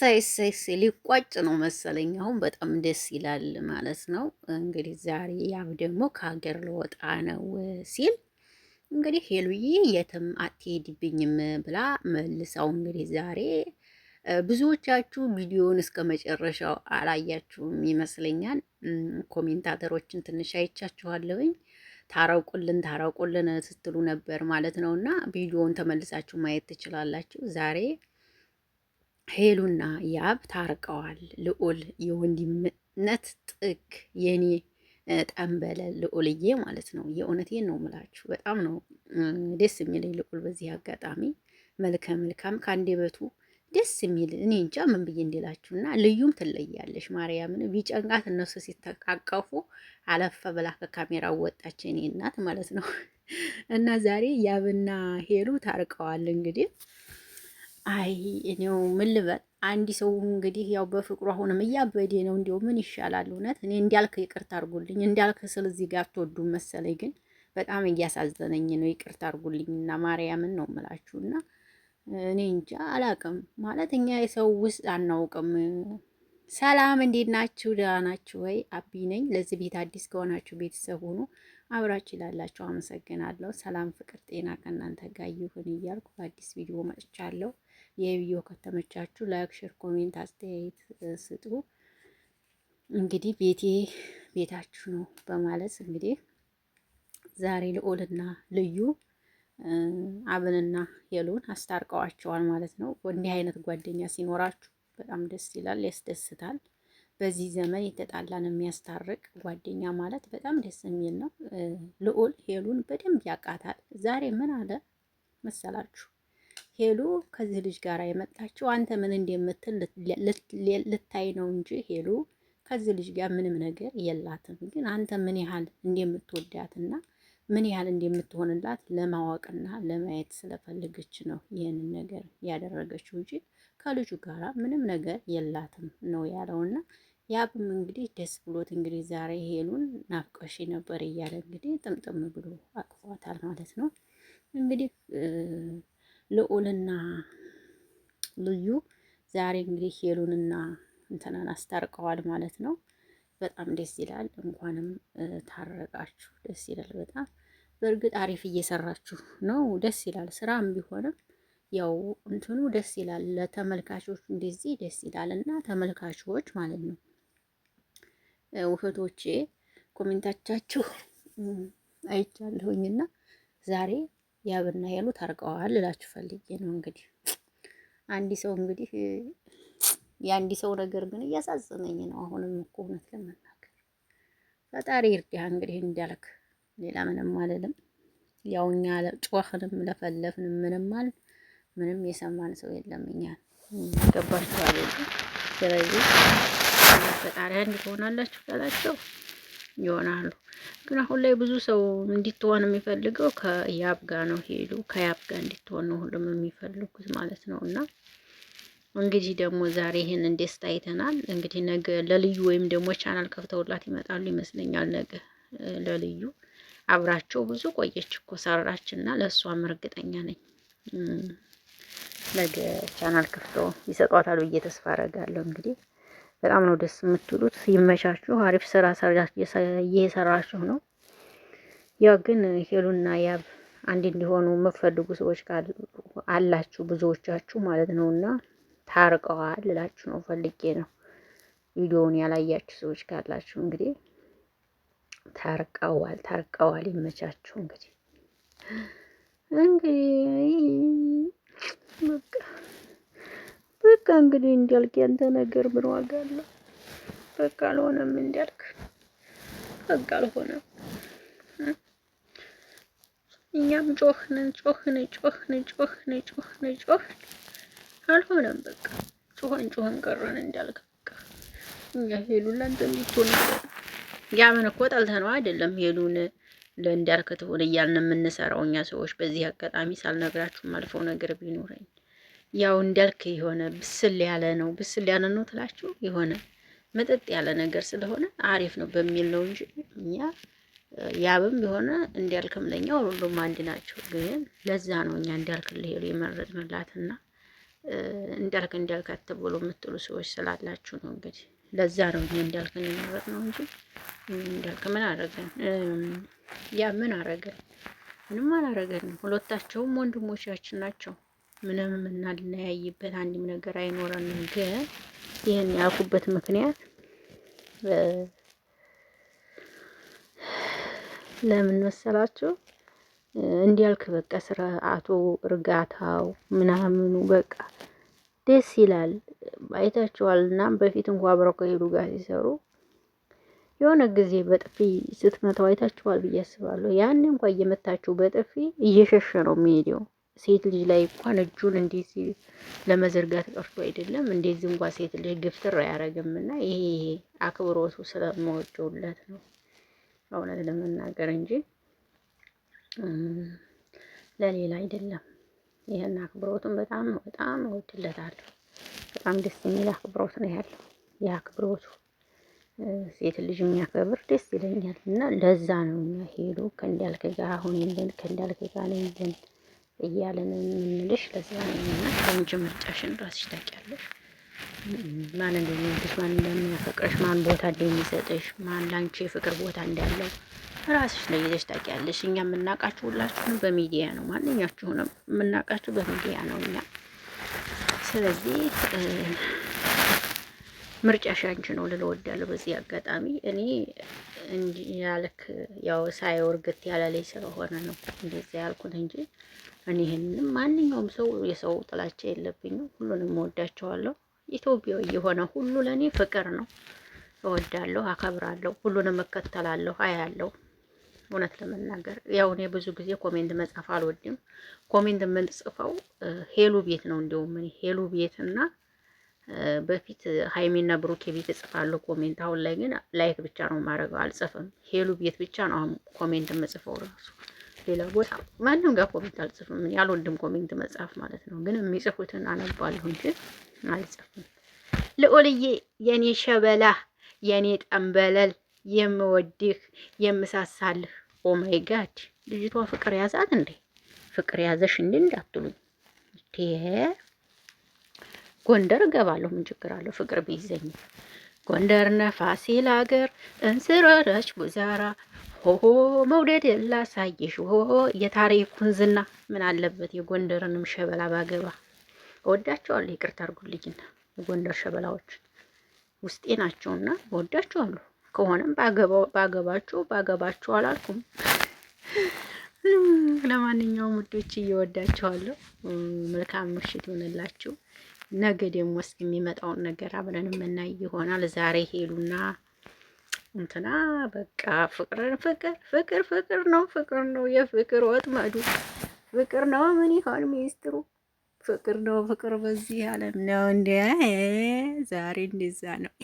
እሰይ እሰይ እሰይ ሊቋጭ ነው መሰለኝ። አሁን በጣም ደስ ይላል ማለት ነው። እንግዲህ ዛሬ ያብ ደግሞ ከሀገር ልወጣ ነው ሲል እንግዲህ ሄሉዬ የትም አትሄድብኝም ብላ መልሳው እንግዲህ ዛሬ ብዙዎቻችሁ ቪዲዮውን እስከ መጨረሻው አላያችሁም ይመስለኛል። ኮሜንታተሮችን ትንሽ አይቻችኋለሁኝ። ታረቁልን ታረቁልን ስትሉ ነበር ማለት ነው እና ቪዲዮውን ተመልሳችሁ ማየት ትችላላችሁ ዛሬ ሄሉና ያብ ታርቀዋል። ልዑል የወንድምነት ጥግ የኔ ጠንበለ ልዑልዬ ማለት ነው። የእውነቴን ነው ምላችሁ፣ በጣም ነው ደስ የሚለኝ ልዑል። በዚህ አጋጣሚ መልከ መልካም ከአንደበቱ ደስ የሚል እኔ እንጃ ምን ብዬ እንዲላችሁ እና ልዩም ትለያለሽ። ማርያምን ቢጨንቃት እነሱ ሲተቃቀፉ አለፈ ብላ ከካሜራ ወጣች፣ እኔ እናት ማለት ነው። እና ዛሬ ያብና ሄሉ ታርቀዋል እንግዲህ አይ እኔው ምን ልበል አንድ ሰው እንግዲህ ያው በፍቅሩ አሁንም እያበዴ ነው። እንዲያው ምን ይሻላል? እውነት እኔ እንዲያልክ ይቅርታ አድርጉልኝ እንዳልክ ስለዚህ ጋር አትወዱም መሰለኝ፣ ግን በጣም እያሳዘነኝ ነው። ይቅርታ አድርጉልኝና ማርያምን ነው የምላችሁና እኔ እንጃ አላቅም። ማለት እኛ የሰው ውስጥ አናውቅም። ሰላም እንዴት ናችሁ? ደህና ናችሁ ወይ? አቢ ነኝ። ለዚህ ቤት አዲስ ከሆናችሁ ቤተሰብ ሆኑ አብራችሁ ይላላችሁ። አመሰግናለሁ። ሰላም፣ ፍቅር፣ ጤና ከእናንተ ጋር ይሁን እያልኩ በአዲስ ቪዲዮ መጥቻለሁ። የቪዲዮ ከተመቻችሁ ላይክ፣ ሼር፣ ኮሜንት አስተያየት ስጡ። እንግዲህ ቤቴ ቤታችሁ ነው በማለት እንግዲህ ዛሬ ልዑልና ልዩ አብንና የሉን አስታርቀዋቸዋል ማለት ነው። እንዲህ አይነት ጓደኛ ሲኖራችሁ በጣም ደስ ይላል፣ ያስደስታል። በዚህ ዘመን የተጣላን የሚያስታርቅ ጓደኛ ማለት በጣም ደስ የሚል ነው። ልዑል ሄሉን በደንብ ያውቃታል። ዛሬ ምን አለ መሰላችሁ? ሄሉ ከዚህ ልጅ ጋር የመጣችው አንተ ምን እንደምትል ልታይ ነው እንጂ ሄሉ ከዚህ ልጅ ጋር ምንም ነገር የላትም። ግን አንተ ምን ያህል እንደምትወዳትና ምን ያህል እንደምትሆንላት ለማወቅና ለማየት ስለፈለገች ነው ይህንን ነገር ያደረገችው እንጂ ከልጁ ጋራ ምንም ነገር የላትም ነው ያለውና ያብም እንግዲህ ደስ ብሎት እንግዲህ ዛሬ ሄሉን ናፍቀሽ ነበር እያለ እንግዲህ ጥምጥም ብሎ አቅፏታል ማለት ነው እንግዲህ ልዑልና ልዩ ዛሬ እንግዲህ ሄሉንና እንትናን አስታርቀዋል ማለት ነው። በጣም ደስ ይላል። እንኳንም ታረቃችሁ። ደስ ይላል በጣም በእርግጥ አሪፍ እየሰራችሁ ነው። ደስ ይላል። ስራም ቢሆንም ያው እንትኑ ደስ ይላል። ለተመልካቾች እንደዚህ ደስ ይላል እና ተመልካቾች ማለት ነው ውህቶቼ ኮሜንታቻችሁ አይቻለሁኝና ዛሬ ያብና ሄሉ ታርቀዋል እላችሁ ፈልጌ ነው። እንግዲህ አንድ ሰው እንግዲህ የአንድ ሰው ነገር ግን እያሳዘነኝ ነው። አሁንም እኮ እውነት ለመናገር ፈጣሪ ይርዳህ። እንግዲህ እንዳልክ ሌላ ምንም አልልም። ያው እኛ ለፈለፍንም ምንም አል ምንም የሰማን ሰው የለም። እኛ ገባችኋል። ስለዚህ ፈጣሪ አንድ ትሆናላችሁ ላላቸው ይሆናሉ። ግን አሁን ላይ ብዙ ሰው እንዲትሆን የሚፈልገው ከያብ ጋ ነው። ሄዱ ከያብ ጋ እንዲትሆን ነው ሁሉም የሚፈልጉት ማለት ነው። እና እንግዲህ ደግሞ ዛሬ ይህንን ደስታ አይተናል። እንግዲህ ነገ ለልዩ ወይም ደግሞ ቻናል ከፍተውላት ይመጣሉ ይመስለኛል። ነገ ለልዩ አብራቸው ብዙ ቆየች እኮ ሰራች እና ለእሷም እርግጠኛ ነኝ ነገ ቻናል ከፍተው ይሰጧታል ብዬ ተስፋ አደርጋለሁ እንግዲህ በጣም ነው ደስ የምትሉት። ይመቻችሁ። አሪፍ ስራ እየሰራችሁ ነው። ያው ግን ሄሉና ያብ አንድ እንዲሆኑ የምትፈልጉ ሰዎች አላችሁ ብዙዎቻችሁ ማለት ነው። እና ታርቀዋል እላችሁ ነው ፈልጌ ነው። ቪዲዮውን ያላያችሁ ሰዎች ካላችሁ እንግዲህ ታርቀዋል ታርቀዋል። ይመቻችሁ እንግዲህ እንግዲህ እንግዲህ እንዲያልክ ያንተ ነገር ምን ዋጋ አለው? በቃ አልሆነም፣ እንዲያልክ በቃ አልሆነም። እኛም ጮህን ጮህን ጮህን ጮህን ጮህን ጮህን አልሆነም። በቃ ጮህን ጮህን ቀረን እንዳልክ በቃ እኛ ሄሉን ላንተ እንድትሆን ያ ምን እኮ ጠልተነው አይደለም ሄሉን ለእንዳልክ ትሆን እያልን የምንሰራው እኛ ሰዎች። በዚህ አጋጣሚ ሳልነግራችሁም ማልፈው ነገር ቢኖረኝ ያው እንዳልክ የሆነ ብስል ያለ ነው ብስል ያለ ነው ትላችሁ የሆነ መጠጥ ያለ ነገር ስለሆነ አሪፍ ነው በሚል ነው እንጂ እኛ ያብም የሆነ እንዳልክም ለኛ ሁሉም አንድ ናቸው። ግን ለዛ ነው እኛ እንዳልክ ልሄዱ የመረጥንላትና እንዳልክ እንዳልክ አትብሉ የምትሉ ሰዎች ስላላችሁ ነው እንግዲህ ለዛ ነው እኛ እንዳልክን የመረጥነው እንጂ እንዳልክ ምን አረገን? ያ ምን አረገን? ምንም አላረገንም። ሁለታቸውም ወንድሞቻችን ናቸው። ምንም እናልናያይበት አንድም ነገር አይኖረንም። ግን ይህን ያልኩበት ምክንያት ለምን መሰላችሁ? እንዲያልክ በቃ ስርዓቱ፣ እርጋታው ምናምኑ በቃ ደስ ይላል። አይታችኋል። እና በፊት እንኳ አብረው ከሄዱ ጋር ሲሰሩ የሆነ ጊዜ በጥፊ ስትመታው አይታችኋል ብዬ አስባለሁ። ያን እንኳ እየመታችሁ በጥፊ እየሸሸ ነው የሚሄደው። ሴት ልጅ ላይ እንኳን እጁን እንዲህ ለመዘርጋት ቀርቶ አይደለም እንደዚህ እንኳን ሴት ልጅ ግፍትር አያደረግም እና ይሄ ይሄ አክብሮቱ ስለማወደውለት ነው እውነት ለመናገር እንጂ ለሌላ አይደለም። ይህን አክብሮቱን በጣም በጣም እወድለታለሁ። በጣም ደስ የሚል አክብሮት ነው ያለው። የአክብሮቱ ሴት ልጅ የሚያከብር ደስ ይለኛል። እና ለዛ ነው እኛ ሄዱ ከእንዳልክ ጋር አሁን የለን ከእንዳልክ ጋር ነው የለን እያለን የምንልሽ ለዚያ ነውና፣ ከወንጅ ምርጫሽን ራስሽ ታውቂያለሽ። ማን እንደሚወድሽ፣ ማን እንደሚያፈቅርሽ፣ ማን ቦታ እንደሚሰጥሽ፣ ማን ላንቺ የፍቅር ቦታ እንዳለው ራስሽ ለይዘሽ ታውቂያለሽ። እኛ የምናውቃችሁ ሁላችሁንም በሚዲያ ነው። ማንኛችሁንም የምናውቃችሁ በሚዲያ ነው እኛ ስለዚህ ምርጫሽ አንቺ ነው ልል እወዳለሁ። በዚህ አጋጣሚ እኔ እንጂ ያልክ ያው ሳይ ወርግት ያለ ላይ ስለሆነ ነው እንደዚህ ያልኩት እንጂ እኔ ይህንንም ማንኛውም ሰው የሰው ጥላቻ የለብኝም። ሁሉንም እወዳቸዋለሁ። ኢትዮጵያዊ የሆነ ሁሉ ለእኔ ፍቅር ነው። እወዳለሁ፣ አከብራለሁ፣ ሁሉንም እከተላለሁ፣ አያለሁ። እውነት ለመናገር ያው እኔ ብዙ ጊዜ ኮሜንት መጻፍ አልወድም። ኮሜንት የምንጽፈው ሄሉ ቤት ነው። እንዲሁም ሄሉ ቤትና እና በፊት ሀይሚና ብሩኬ ቤት እጽፋለሁ ኮሜንት። አሁን ላይ ግን ላይክ ብቻ ነው የማደርገው፣ አልጽፍም። ሄሉ ቤት ብቻ ነው አሁን ኮሜንት የምጽፈው ራሱ ሌላ ቦታ ማንም ጋር ኮሜንት አልጽፍም። ያልወንድም ኮሜንት መጻፍ ማለት ነው። ግን የሚጽፉትን አነባለሁ እንጂ አልጽፍም። ልዑልዬ፣ የኔ ሸበላ፣ የኔ ጠንበለል፣ የምወድህ የምሳሳልህ። ኦማይ ጋድ ልጅቷ ፍቅር ያዛት እንዴ! ፍቅር ያዘሽ እንዴ እንዳትሉኝ ጎንደር እገባለሁ። ምን ችግር አለው? ፍቅር ቢይዘኝ ጎንደር ነፋሲል ሀገር እንስረረች ቡዛራ ሆሆ መውደድ የላሳየሽ ሆ የታሪኩን ዝና ምን አለበት? የጎንደርንም ሸበላ ባገባ እወዳቸዋለሁ። ይቅርታ አድርጉልኝና የጎንደር ሸበላዎች ውስጤ ናቸውና እወዳቸዋለሁ። ከሆነም ባገባቸው ባገባቸው አላልኩም። ለማንኛውም ውዶች እየወዳቸዋለሁ። መልካም ምሽት ይሆንላችሁ። ነገ ደግሞ እስኪ የሚመጣውን ነገር አብረን የምናይ ይሆናል። ዛሬ ሄሉና እንትና በቃ ፍቅርን ፍቅር ፍቅር ፍቅር ነው ፍቅር ነው የፍቅር ወጥመዱ ፍቅር ነው። ምን ይሆን ሚኒስትሩ? ፍቅር ነው ፍቅር በዚህ ዓለም ነው እንደ ዛሬ እንደዛ ነው።